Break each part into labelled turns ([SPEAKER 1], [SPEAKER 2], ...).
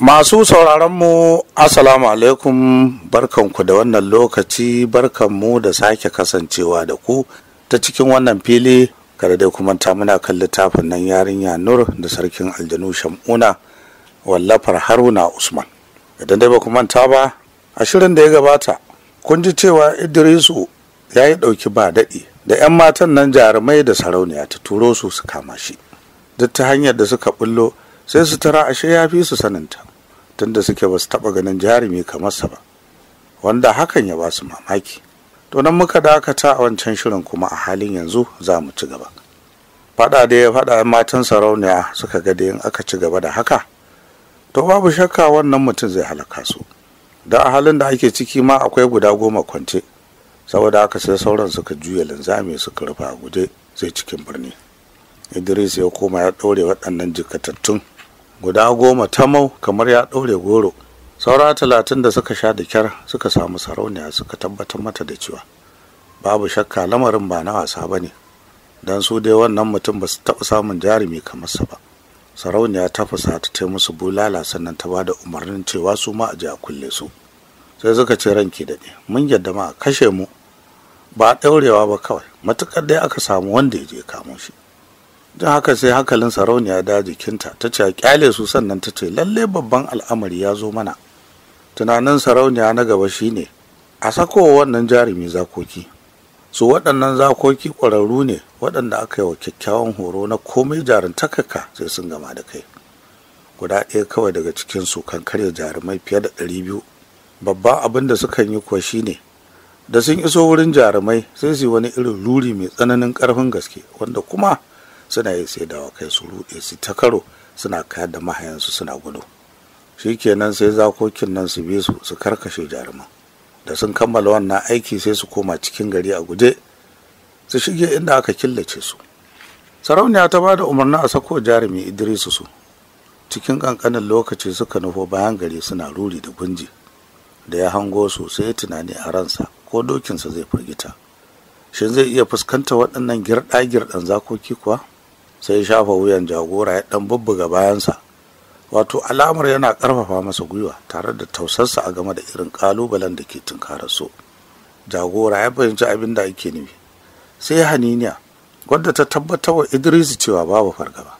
[SPEAKER 1] Masu sauraronmu, asalamu alaikum barkanku da wannan lokaci barkanmu da sake kasancewa da ku ta cikin wannan fili kada dai kuma ta muna kan littafin nan yarinya Nur da sarkin aljanu Shamuna wallafar Haruna Usman. Idan dai ba ku manta ba, a shirin da ya gabata kun ji cewa Idrisu ya yi ɗauki ba daɗi da 'yan matan nan jarumai da sarauniya ta turo su su kama shi. Duk ta hanyar da suka bullo sai su tara ashe ya fi su saninta. tunda suke basu su taɓa ganin jarumi kamar sa ba wanda hakan ya basu mamaki to nan muka dakata a wancan shirin kuma a halin yanzu za mu ci gaba faɗa da ya faɗa matan sarauniya suka ga in aka ci gaba da haka to babu shakka wannan mutum zai halaka su da a halin da ake ciki ma akwai guda goma kwance saboda haka sai sauran suka juya linzami suka rufe a guje zai cikin birni idris ya koma ya ɗaure waɗannan jikatattun guda goma ta mau kamar ya ɗaure goro saura talatin da suka sha da kyar suka samu sarauniya suka tabbatar mata da cewa babu shakka lamarin ba na wasa ba ne don su dai wannan mutum ba su taɓa samun jarumi kamar sa ba sarauniya ta fusata ta musu bulala sannan ta ba da umarnin cewa su ma a ji a kulle su sai suka ce ranki daɗe mun yadda ma a kashe mu ba ɗaurewa ba kawai matuƙar dai aka samu wanda ya je kamo shi don haka sai hankalin sarauniya da jikinta ta ce kyale su sannan ta ce lalle babban al'amari ya zo mana tunanin sarauniya na gaba shine a sako wannan jarumi zakoki su waɗannan zakoki ƙwararru ne waɗanda aka yi wa kyakkyawan horo na komai takaka sai sun gama da kai guda ɗaya kawai daga cikin su kan karya jarumai fiye da ɗari biyu Babba abin da sukan yi kuwa shine da sun iso wurin jarumai sai su yi wani irin ruri mai tsananin ƙarfin gaske wanda kuma suna yi sai da kai su ruɗe su ta karo suna kayar da mahayansu suna gudu shi kenan sai zakokin nan su bi su su karkashe jaruman da sun kammala wannan aiki sai su koma cikin gari a guje su shige inda aka killace su sarauniya ta ba da umarni a sako jarumi idrisu su cikin kankanin lokaci suka nufo bayan gari suna ruri da gunji da ya hango su sai tunani a ransa ko dokinsa zai firgita shin zai iya fuskanta waɗannan girɗa-girɗan zakoki kuwa sai shafa wuyan jagora ya dan bubbuga bayansa wato alamar yana karfafa masa gwiwa tare da tausarsa a game da irin kalubalen da ke tunkarar so jagora ya fahimci abin da ake nufi sai haniniya wadda ta tabbatar wa idris cewa babu fargaba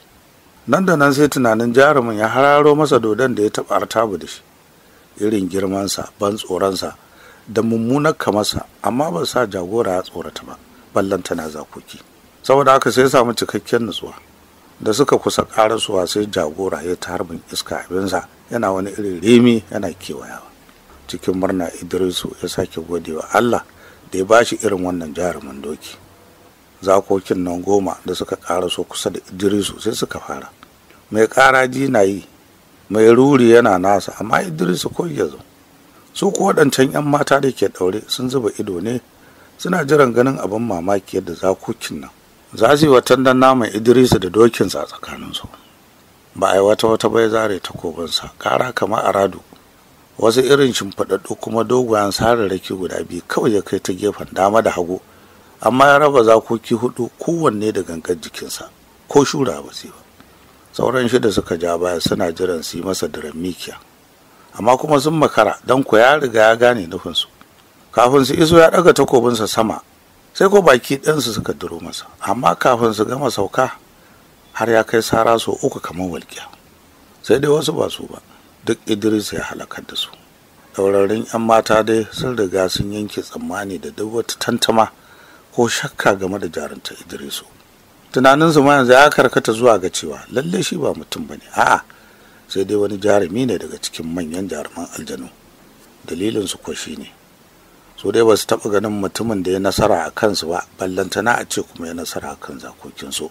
[SPEAKER 1] nan da nan sai tunanin jarumin ya hararo masa dodon da ya taɓa artabu da shi irin girmansa ban tsoronsa da mummunar kamarsa amma ba sa jagora ya tsorata ba ballan tana zakoki saboda haka sai ya samu cikakken nutsuwa da suka kusa karasuwa sai jagora ya ta harbin iska abinsa yana wani irin remi yana kewayawa cikin murna idrisu ya sake godewa allah da ya ba shi irin wannan jarumin doki zakokin nan goma da suka karaso kusa da idrisu sai suka fara mai ji na yi mai ruri yana nasa amma idrisu ko ya zo su ko waɗancan 'yan mata da ke ɗaure sun zuba ido ne suna jiran ganin abin mamaki yadda zakokin nan za su yi wa tandan naman idrisu da dokinsa a tsakaninsu ba a yi wata wata bai zare takobinsa kara kama a radu wasu irin shimfiɗaɗɗu kuma dogayen sararraki guda biyu kawai ya kai ta gefen dama da hagu amma ya raba zakoki hudu kowanne da gangar jikinsa ko shura ba su ba sauran shida suka ja baya suna jiran su yi masa diran mikiya amma kuma sun makara don ku ya riga ya gane nufinsu kafin su iso ya ɗaga takobinsa sama sai ko baki ɗansu suka duro masa amma kafin su gama sauka har ya kai sara so uku kamar walƙiya sai dai wasu ba su ba duk idris ya halakar da su ɗaurarin 'yan mata dai sun riga sun yanke tsammani da duk wata tantama ko shakka game da jarumta idrisu tunaninsu ma yanzu ya karkata zuwa ga cewa lalle shi ba mutum ba ne a'a sai dai wani jarumi ne daga cikin manyan jaruman aljanu dalilinsu ko shi ne so dai ba su taɓa ganin mutumin da ya nasara a kansu ba ballantana a ce kuma ya nasara a kan zakokinsu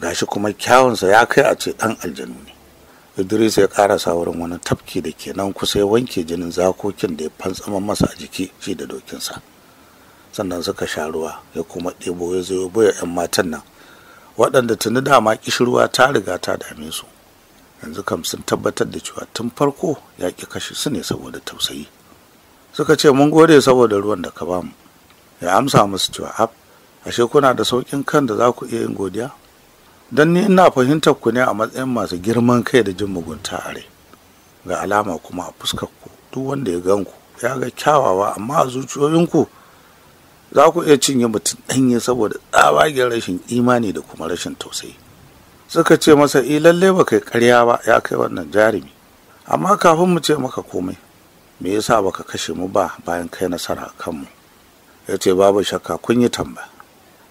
[SPEAKER 1] gashi kuma kyawunsa ya kai a ce ɗan aljanu ne idris ya ƙarasa wurin wani tafki da ke nan kusa ya wanke jinin zakokin da ya fantsama masa a jiki shi da dokinsa sannan suka sha ruwa ya kuma ɗebo ya zo ya 'yan matan nan waɗanda tuni dama ƙishirwa ta riga ta dame su yanzu kam sun tabbatar da cewa tun farko ya ƙi kashe su ne saboda tausayi suka ce mun gode saboda ruwan da ka bamu ya amsa musu cewa ab ashe kuna da saukin kan da za ku iya yin godiya don ni ina fahimtar ku ne a matsayin masu girman kai da jin mugunta a rai ga alama kuma a fuskar ku duk wanda ya gan ku ya ga kyawawa amma a zuciyoyinku za ku iya cinye mutum ɗanye saboda tsabagen rashin imani da kuma rashin tausayi suka ce masa i eh, lalle ba kai karya ba ya kai wannan jarumi amma kafin mu ce maka komai me yasa baka kashe mu ba bayan kai nasara kanmu ya ce babu shakka kun yi tambaya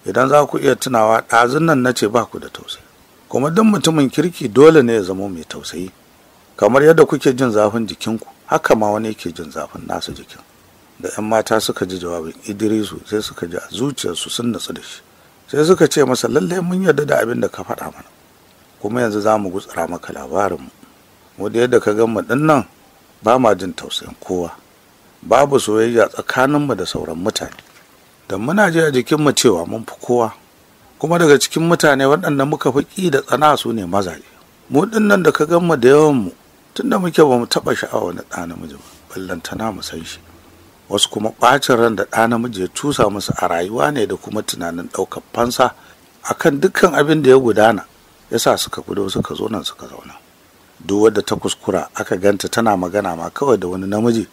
[SPEAKER 1] idan za ku iya tunawa ɗazun nan na ce ba ku da tausayi kuma duk mutumin kirki dole ne ya zama mai tausayi kamar yadda kuke jin zafin jikinku haka ma wani yake jin zafin nasu jikin da 'yan mata suka ji jawabin idrisu sai suka ji a zuciyarsu sun natsu da shi sai suka ce masa lallai mun yarda da abin da ka faɗa mana kuma yanzu za mu gutsara maka labarinmu mu da yadda ka gan mu ɗin nan ba ma jin tausayin kowa babu soyayya tsakaninmu da sauran mutane da muna ji a jikinmu cewa mun fi kowa kuma daga cikin mutane waɗanda muka fi ƙi da tsana su ne mazaje mu nan da ka gan ganmu da yawanmu tun da muke ba mu taɓa sha'awa na ɗa namiji ba ballantana mu san shi wasu kuma ɓacin ran da ɗa namiji ya tusa musu a rayuwa ne da kuma tunanin ɗaukar fansa akan dukkan abin da ya gudana yasa suka gudo suka zo nan suka zauna duk wadda ta kuskura aka ganta tana magana ma kawai da wani namiji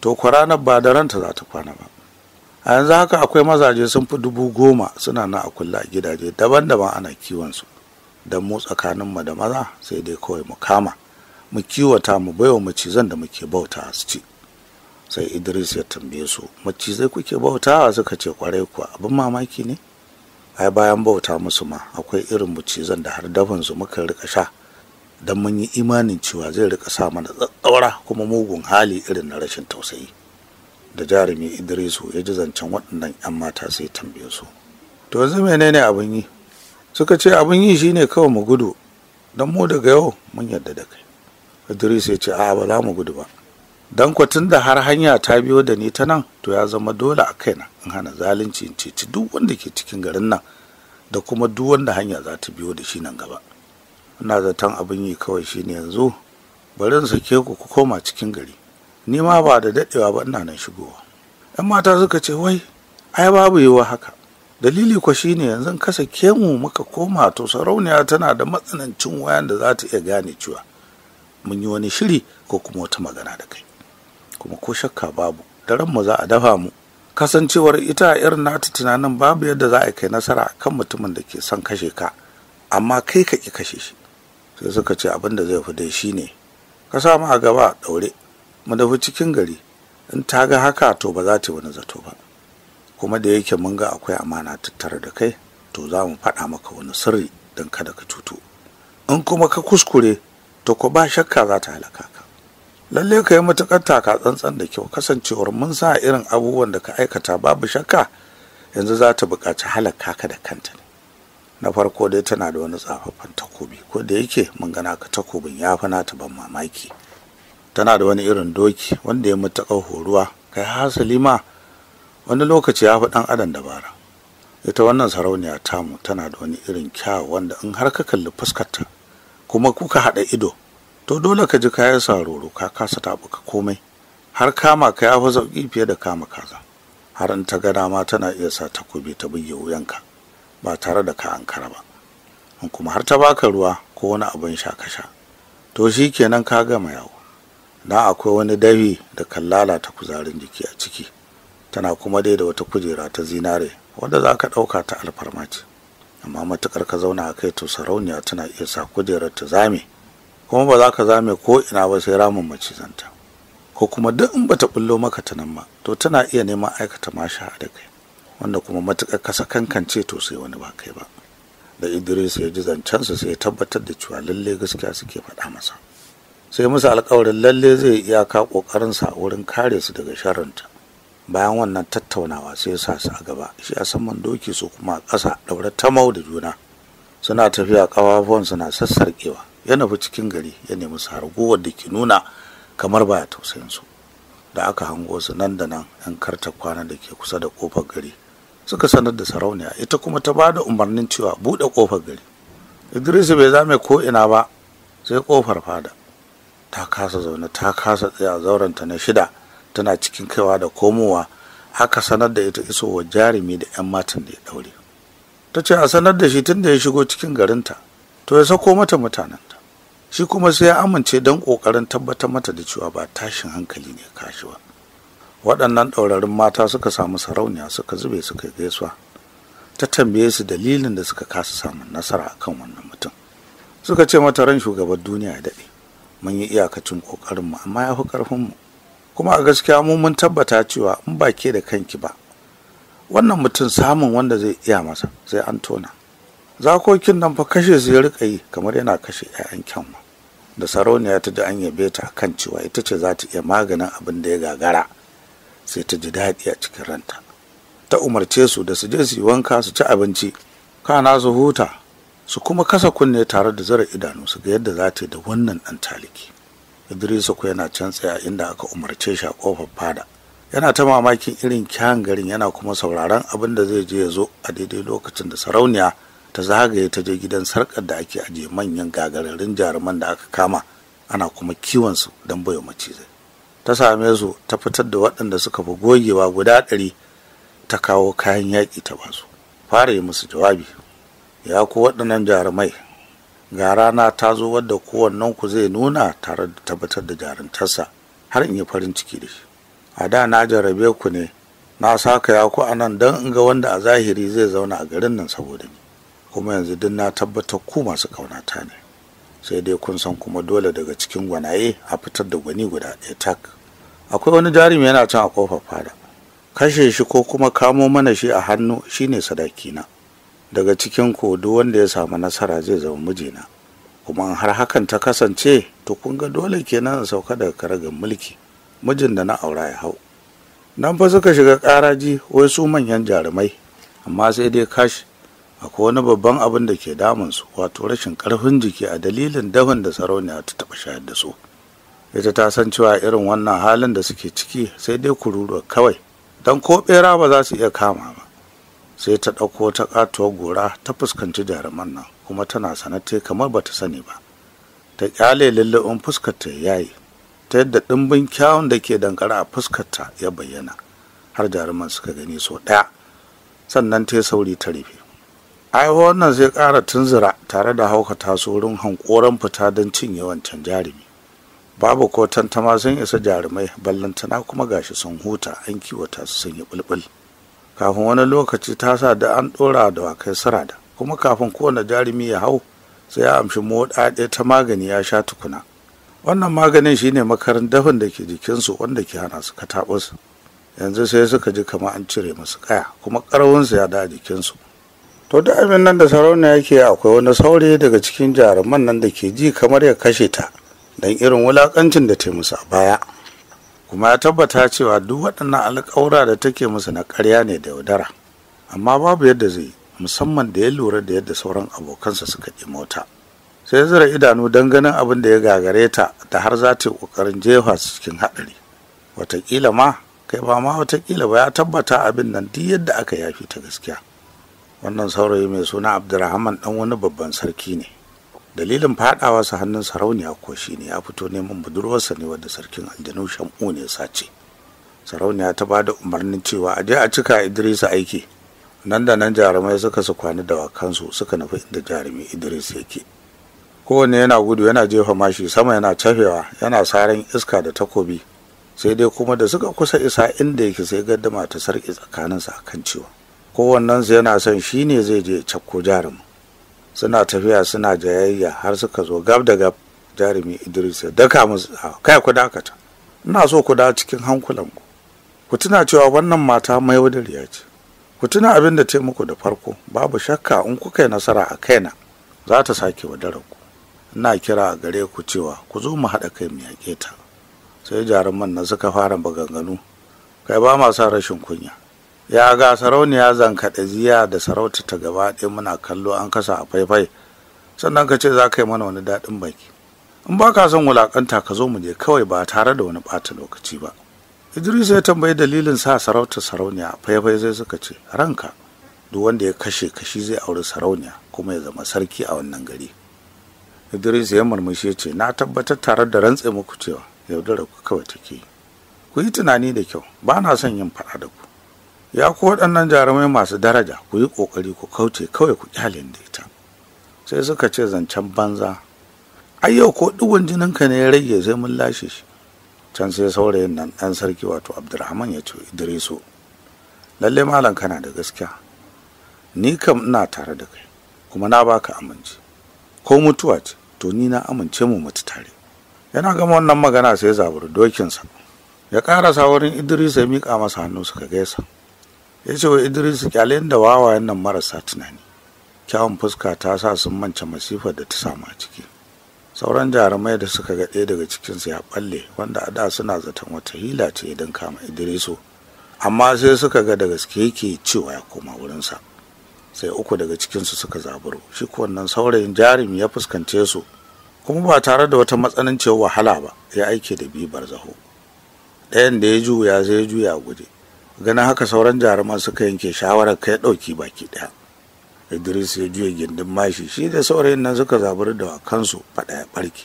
[SPEAKER 1] to kwa ranar ba da ranta za ta kwana ba a yanzu haka akwai mazaje sun fi dubu goma suna na a kulla a gidaje daban-daban ana kiwonsu don mu tsakanin mu da maza sai dai kawai mu kama mu kiwata mu baiwa macizan da muke bauta su ci sai idris ya tambaye su macizai kuke bautawa suka ce kwarai kuwa abin mamaki ne ai bayan bauta musu ma akwai irin macizan da har dafansu muka rika sha don mun yi imanin cewa zai rika sa mana tsatsaura kuma mugun hali irin na rashin tausayi da jarumi idrisu ya ji zancen waɗannan 'yan mata sai tambaye su to yanzu menene abin yi suka ce abin yi shine kawai mu gudu don mu daga yau mun yarda da kai idris ya ce a'a ba za mu gudu ba don tun da har hanya ta biyo da ni ta nan to ya zama dole a kaina in hana zalunci in ceci duk wanda ke cikin garin nan da kuma duk wanda hanya za ta biyo da shi nan gaba ina zaton abin yi kawai shine yanzu bari in sake ku ku koma cikin gari ni ma ba da daɗewa ba ina nan shigowa yan mata suka ce wai ai babu yiwa haka dalili kwa ne yanzu kasa kemu muka koma to sarauniya tana da matsanancin wayan da za ta iya gane cewa mun yi wani shiri ko kuma wata magana da kai kuma ko shakka babu daren mu za a dafa mu kasancewar ita irin nata tunanin babu yadda za a kai nasara kan mutumin da ke son kashe ka amma kai ka ki kashe shi sai suka ce abin da zai fi dai ne. ka samu a gaba daure mu dafi cikin gari in ta ga haka to ba za ta wani zato ba kuma da yake mun ga akwai amana tattare da kai to za mu faɗa maka wani sirri don kada ka cutu in kuma ka kuskure to ko ba shakka za ta halaka ka lalle ka yi matuƙar taka tsantsan da kyau kasancewar mun sa irin abubuwan da ka aikata babu shakka yanzu za ta buƙaci halaka ka da kanta ne na farko dai tana da wani tsafaffen takobi ko da yake mun gana ka takobin ya fi nata ban mamaki tana da wani irin doki wanda ya matuƙar horuwa kai hasali ma wani lokaci ya fi ɗan adam dabara ita wannan sarauniya tamu tana da wani irin kyawu wanda in har ka kalli fuskarta kuma kuka haɗa ido to dole ka ji kayan saroro ka kasa taɓuka komai har kama ka ya fi sauƙi fiye da kama kaza har in ta gana ma tana iya sa takobi ta buge ka. ba tare da ka ankara ba in kuma har ta baka ruwa ko wani abin sha ka sha to shi kenan ka gama yawo na akwai wani dabi da kan lalata kuzarin jiki a ciki tana kuma dai da wata kujera ta zinare wanda za ka ɗauka ta alfarmaci. amma matuƙar ka zauna a kai to sarauniya tana iya sa kujerar ta zame kuma ba za ka zame ko ina ba sai ramin macizanta ko kuma duk in bata bullo maka ta nan ma to tana iya neman aikata masha da kai wanda kuma matuƙar kasa kankance to sai wani ba kai ba da idris ya ji zancensa sai ya tabbatar da cewa lalle gaskiya suke faɗa masa sai musu alkawarin lalle zai iyaka ƙoƙarinsa wurin kare su daga sharrinta bayan wannan tattaunawa sai ya sa su a gaba shi a saman doki su kuma a ƙasa ɗaure tamau da juna suna tafiya ƙafafuwan suna sassarƙewa ya nufi cikin gari ya nemi su harguwar da ke nuna kamar baya tausayin su da aka hango su nan da nan 'yan karta kwana da ke kusa da kofar gari suka sanar da sarauniya ita kuma ta ba da umarnin cewa buɗe kofar gari idris bai zame ko ina ba sai kofar fada ta kasa zaune ta kasa tsaya zaurenta na shida tana cikin kaiwa da komowa haka sanar da ita wa jarumi da 'yan matan da ya daure. ta ce a sanar da shi tun da ya shigo cikin garinta to ya sako mata mutanenta shi kuma sai ya amince don ƙoƙarin tabbatar mata da cewa ba tashin hankali ne kashi ba waɗannan ɗaurarin mata suka samu sarauniya suka zube suka gaisuwa ta tambaye su dalilin da suka kasa samun nasara a kan wannan mutum suka ce mata ran shugaban duniya ya daɗe mun yi iyakacin ƙoƙarinmu amma ya fi ƙarfinmu kuma a gaskiya mu mun tabbata cewa in ba ke da kanki ba wannan mutum samun wanda zai iya masa sai an tona zakokin nan fa kashe su ya rika yi kamar yana kashe 'ya'yan kyanwa da sarauniya ta da an yabe ta kan cewa ita ce za ta iya maganin abin da ya gagara sai ta ji daɗi a cikin ranta ta umarce su da su je su yi wanka su ci abinci kana su huta su kuma kasa kunne tare da zara idanu su ga yadda za ta da wannan ɗan taliki idrisu ku yana can tsaye inda aka umarce shi a ƙofar fada yana ta mamakin irin kyan garin yana kuma sauraron abin da zai je ya zo a daidai lokacin da sarauniya ta zagaye ta je gidan sarkar da ake ajiye manyan gagararin jaruman da aka kama ana kuma kiwon su don baiwa macizai ta same su ta fitar da waɗanda suka fi gogewa guda ɗari ta kawo kayan yaƙi ta basu fara yi musu jawabi ya ku waɗannan jarumai ga rana ta zo wadda kowannen ku zai nuna tare da tabbatar da jaruntarsa har in yi farin ciki da shi a da na jarabe ku ne na saka ya ku anan don in ga wanda a zahiri zai zauna a garin nan saboda ni kuma yanzu duk na tabbatar ku masu ƙaunata ne sai dai kun san kuma dole daga cikin gwanaye a fitar da gwani guda ɗaya tak akwai wani jarumi yana can a kofar fada kashe shi ko kuma kamo mana shi a hannu shine sadakina daga cikin ku duk wanda ya samu nasara zai zama mijina kuma har hakan ta kasance to kun ga dole kenan in sauka daga karagar mulki mijin da na aura ya hau nan fa suka shiga karaji wai su manyan jarumai amma sai dai kashi akwai wani babban abin da ke damunsu wato rashin karfin jiki a dalilin dahon da sarauniya ta taɓa shayar da su ita ta san cewa irin wannan halin da suke ciki sai dai kururuwa kawai don ko bera ba za su iya kama ba sai ta ɗauko ta ƙatuwar gora ta fuskanci jaruman nan kuma tana sanate kamar bata sani ba ta ƙyale lulluɓin fuskarta ya yayi ta yadda ɗimbin kyawun da ke dankara a fuskarta ya bayyana har jaruman suka gani so ɗaya sannan ta sauri ta rufe ai wannan zai ƙara tunzura tare da haukata su wurin hankoran fita don cinye wancan jarumi babu ko tantama sun isa jarumai ballantana kuma gashi sun huta an kiwata su sun yi bulbul kafin wani lokaci ta sa da an ɗora da wakai sarada kuma kafin kowane jarumi ya hau sai ya amshi ɗaya ta magani ya sha tukuna wannan maganin shine makarin dafin da ke jikinsu wanda ke hana su kataɓus yanzu sai suka ji kamar an cire masu kaya kuma ƙarfinsu ya da jikinsu to da abin nan da sarauniya yake akwai wani saurayi daga cikin jaruman nan da ke ji kamar ya kashe ta don irin wulakancin da ta musu a baya kuma ya tabbata cewa duk waɗannan alƙawura da take musu na ƙarya ne da yaudara amma babu yadda zai musamman da ya lura da yadda sauran abokansa suka ɗi mota sai zira idanu don ganin abin da ya gagare ta da har za ta ƙoƙarin jefa cikin haɗari watakila ma kai ba ma watakila ba ya tabbata abin nan duk yadda aka yafi ta gaskiya wannan saurayi mai suna abdurrahman ɗan wani babban sarki ne dalilin fadawa sa hannun sarauniya ko shi ne ya fito neman budurwarsa ne wadda sarkin aljanu shamu ne sace sarauniya ta bada umarnin cewa a je a cika idris aiki nan da nan jarumai suka su kwani da wakansu suka nufi inda jarumi idris yake kowanne yana gudu yana jefa mashi sama yana cafewa yana saran iska da takobi sai dai kuma da suka kusa isa inda yake sai gaddama ta sarki tsakaninsa akan cewa kowannensu yana son shi ne zai je cakko jarumin suna tafiya suna jayayya har suka zo gab da gab jarumi idris ya daka musu kai ku dakata ina so ku da cikin hankulan ku tuna cewa wannan mata mai wadariya ce ku tuna abin da ta muku da farko babu shakka in kuka yi nasara a kaina za ta sake wadarar ku ina kira a gare ku cewa ku zo mu haɗa kai mu yaƙe ta sai jaruman na suka fara maganganu kai ba ma sa rashin kunya ya ga sarauniya zankaɗe ziya da sarauta ta gaba ɗaya muna kallo an kasa a faifai sannan ka ce za ka yi mana wani daɗin baki in ba ka son wulaƙanta ka zo mu je kawai ba tare da wani ɓata lokaci ba idris ya tambayi dalilin sa sarauta sarauniya faifai zai suka ce ranka duk wanda ya kashe kashi zai auri sarauniya kuma ya zama sarki a wannan gari idris ya murmushi ya ce na tabbatar tare da rantse muku cewa yaudara ku kawai take ku yi tunani da kyau ba na son yin faɗa da ku ya ku waɗannan jarumai masu daraja ku yi ƙoƙari ku kauce kawai ku ƙyalin da ita sai suka ce zancen banza ai yau ko ɗigon jininka ne ya rage sai mun lashe shi can sai saurayin nan ɗan sarki wato abdurrahman ya ce idrisu lalle malam kana da gaskiya ni kam ina tare da kai kuma na baka amince ko mutuwa ce to ni na amince mu mutu tare yana gama wannan magana sai zaburi dokinsa ya ƙarasa wurin idris ya miƙa masa hannu suka gaisa ya ce wa idris kyalen da wawayen nan marasa tunani kyawun fuska ta sa sun mance masifar da ta samu a ciki sauran jarumai da suka ga ɗaya daga cikinsu ya ɓalle wanda a da suna zaton wata hila ce idan kama idrisu amma sai suka ga da gaske yake cewa ya koma wurinsa sai uku daga cikinsu suka zaburo shi wannan saurayin jarumi ya fuskance su kuma ba tare da wata matsananciyar wahala ba ya aike da bibar zaho ɗayan da ya juya sai ya juya guje ganin haka sauran jaruman suka yanke shawarar kai ɗauki baki ɗaya idris ya juya gindin mashi shi da saurayin nan suka zaburi da kansu faɗa ya ɓarke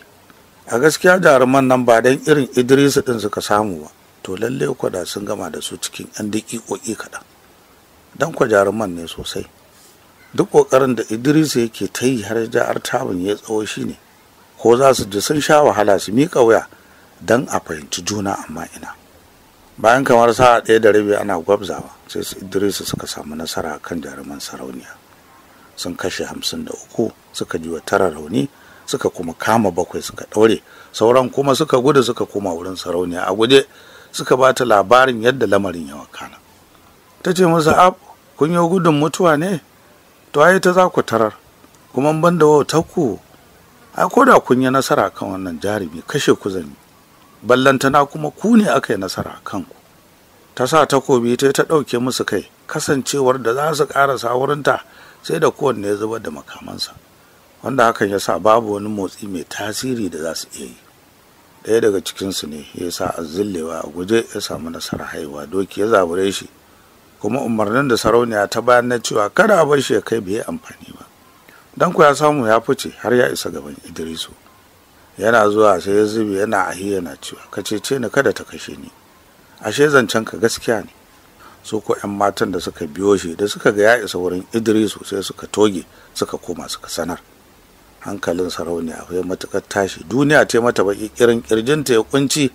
[SPEAKER 1] a gaskiya jaruman nan ba dan irin idris ɗin suka samu ba to lalle kwada sun gama da su cikin 'yan daƙiƙoƙi kaɗan dan kwa jaruman ne sosai duk ƙoƙarin da idris yake ta yi har jihar tabin ya tsawo shi ne ko za su ji sun sha wahala su miƙa wuya dan a fahimci juna amma ina bayan kamar sa'a ɗaya da rabi ana gwabzawa sai su idrisu suka samu nasara kan jaruman sarauniya sun kashe hamsin da uku suka ji wa tara rauni suka kuma kama bakwai suka ɗaure sauran kuma suka gudu suka koma wurin sarauniya a guje suka ba ta labarin yadda lamarin ya wakana ta ce musu ab kun yi gudun mutuwa ne to ai ta za ku tarar kuma ban da wautar ku ai ko da kun yi nasara kan wannan jarumi kashe ku ballantana kuma ku ne aka yi nasara kanku ta sa takobi ta ta ɗauke musu kai kasancewar da za su ƙarasa wurinta sai da kowanne ya zubar da makamansa wanda hakan ya sa babu wani motsi mai tasiri da za su iya yi ɗaya daga cikinsu ne ya sa azillewa a guje ya samu nasara haihuwa doki ya zabure shi kuma umarnin da sarauniya ta bayan na cewa kada a bar shi ya kai bai amfani ba dan ku ya samu ya fice har ya isa gaban idrisu yana zuwa sai ya zube yana ahiyana na cewa ka cece ni kada ta kashe ni ashe zancen ka gaskiya ne su ko 'yan matan da suka biyo shi da suka ga ya isa wurin idrisu sai suka toge suka koma suka sanar hankalin sarauniya akwai matukar tashi duniya ce mata baki kirin ta ya kunci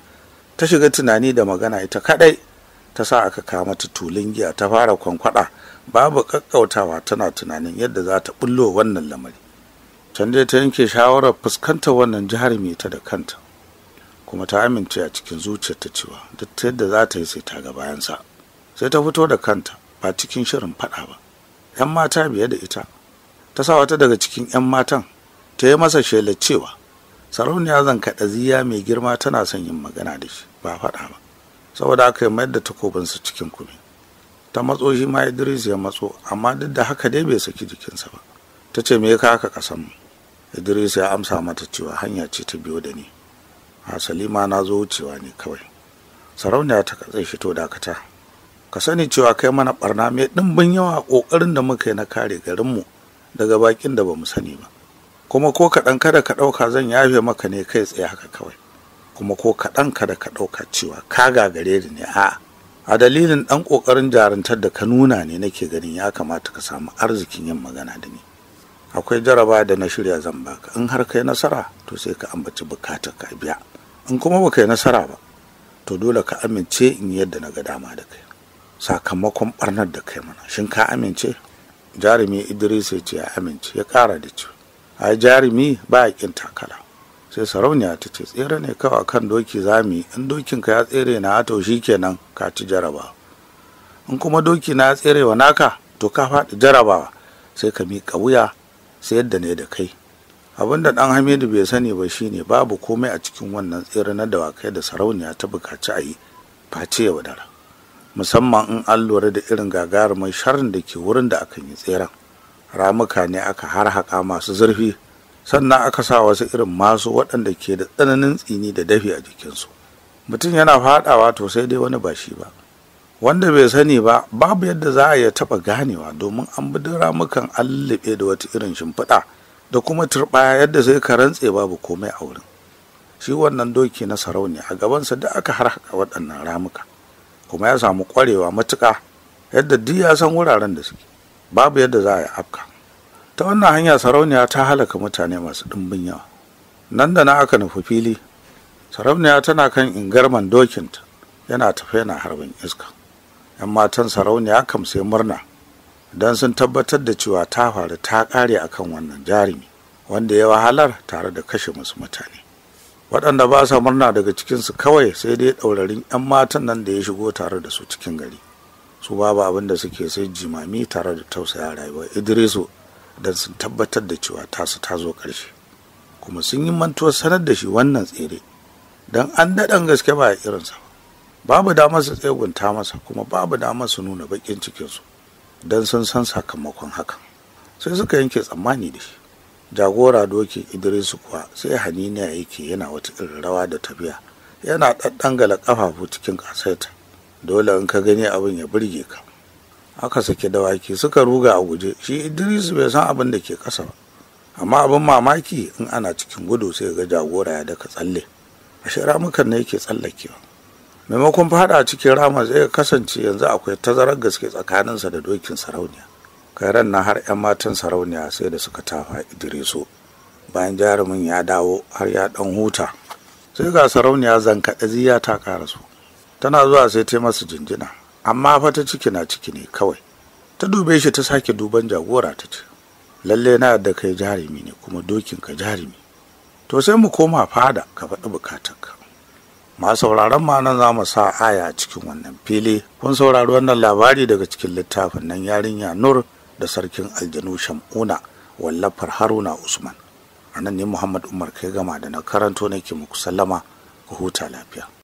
[SPEAKER 1] ta shiga tunani da magana ita kadai ta sa aka kawo mata tulun giya ta fara kwankwada babu kakkautawa tana tunanin yadda za ta bullo wannan lamari can dai ta yanke shawarar fuskantar wannan mai ta da kanta kuma ta amince a cikin zuciyarta cewa duk ta yadda za ta yi sai ta ga bayansa sai ta fito da kanta ba cikin shirin faɗa ba 'yan mata biye da ita ta sa wata daga cikin 'yan matan ta yi masa shela cewa sarauniya zan kaɗa ziya mai girma tana son yin magana da shi ba faɗa ba saboda aka yi mayar da takobinsa cikin kumi ta matso shi ma idris ya matso amma duk da haka dai bai saki jikinsa ba ta ce me ka haka ƙasan mu idris ya amsa mata cewa hanya ce ta biyo da ni a salima na zo wucewa ne kawai sarauniya ta katsai fito dakata ka sani cewa kai mana barna mai dimbin yawa a ƙoƙarin da muka yi na kare garinmu daga bakin da bamu sani ba kuma ko kaɗan kada ka ɗauka zan yafe maka ne kai tsaye haka kawai kuma ko kaɗan kada ka ɗauka cewa ka gagare ni ne a'a a dalilin ɗan ƙoƙarin jaruntar da ka nuna ne nake ganin ya kamata ka samu arzikin yin magana da ni akwai jaraba da na shirya zan baka in har kai nasara to sai ka ambaci bukatar ka biya in kuma baka yi nasara ba to dole ka amince in yadda na ga dama da kai sakamakon barnar da kai mana shin ka amince jarumi idris ya ce ya amince ya kara da ce a jarumi ba a kin takala sai sarauniya ta ce tsere ne kawai kan doki zami in dokin ka ya tsere na to kenan ka ci jaraba in kuma doki na ya tsere wa naka to ka faɗi jarabawa sai ka miƙa wuya sayar da ne da kai abin da ɗan hamidu bai sani ba shine babu komai a cikin wannan tsere na dawakai da sarauniya ta bukaci a yi face ya wadara musamman in an lura da irin gagarumar sharrin da ke wurin da akan yi tseren ramuka ne aka harhaka masu zurfi sannan aka sa wasu irin masu waɗanda ke da tsananin tsini da dafi a jikinsu mutum yana faɗawa to sai dai wani ba shi ba wanda bai sani ba babu yadda za a iya taɓa ganewa domin an bi ramukan allube da wata irin shimfiɗa da kuma turɓaya yadda sai ka rantse babu komai a wurin shi wannan doki na sarauniya a gabansa da aka harhaka waɗannan ramuka kuma ya samu ƙwarewa matuƙa yadda duk ya san wuraren da suke babu yadda za a yi afka ta wannan hanya sarauniya ta halaka mutane masu ɗimbin yawa nan da na aka nufi fili sarauniya tana kan ingarman dokinta yana tafe yana harbin iska 'yan matan sarauniya kam sai murna don sun tabbatar da cewa ta faru ta ƙare akan wannan jarumi wanda ya wahalar tare da kashe musu mutane waɗanda ba sa murna daga cikinsu kawai sai dai ɗaurarin 'yan matan nan da ya shigo tare da su cikin gari su babu abin da suke sai jimami tare da tausaya rayuwa idrisu don sun tabbatar da cewa tasu ta zo ƙarshe kuma sun yi mantuwar sanar da shi wannan tsere don an daɗan gaske ba irinsa ba babu damar su tsegunta masa kuma babu damar su nuna bakin cikinsu don sun san sakamakon hakan sai suka yanke tsammani da shi jagora doki idrisu kuwa sai haniniya yake yana wata irin rawa da tafiya yana ɗanɗangala ƙafafu cikin ƙasaita dole in ka gani abin ya birge ka aka saki dawaki suka ruga a guje shi idris bai san abin da ke ƙasa ba amma abin mamaki in ana cikin gudu sai ga jagora ya daka tsalle a ramukan ne yake tsallakewa maimakon fada cikin rama zai kasance yanzu akwai tazarar gaske tsakaninsa da dokin sarauniya kai ran na har 'yan matan sarauniya sai da suka tafa idriso bayan jarumin ya dawo har ya dan huta sai ga sarauniya zankaɗe ziya ta ƙara su tana zuwa sai ta masa jinjina amma fa ta ciki na ciki ne kawai ta dube shi ta sake duban jagora ta ce lalle na da kai jarumi ne kuma dokin ka jarumi to sai mu koma fada ka faɗi bukatarka masu sauraron ma nan za mu sa aya cikin wannan fili kun saurari wannan labari daga cikin littafin nan yarinya nur da sarkin aljanu shamuna wallafar haruna usman a nan ne muhammad umar kai gama da na karanto nake muku sallama ku huta lafiya